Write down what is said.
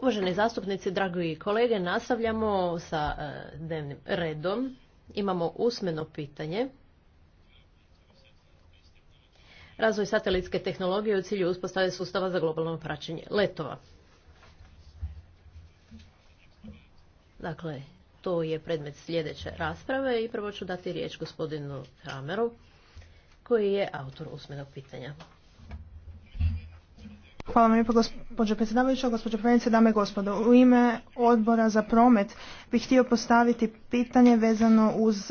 Uvaženi zastupnici, dragi kolege, nastavljamo sa eh, dnevnim redom. Imamo usmeno pitanje. Razvoj satelitske tehnologije u cilju uspostave sustava za globalno praćenje letova. Dakle, to je predmet sljedeće rasprave i prvo ću dati riječ gospodinu rameru koji je autor usmenog pitanja. Hvala vam lijepo gospođo predsjedavajuća, gospođo predsjednice, dame i gospodo. U ime odbora za promet bih htio postaviti pitanje vezano uz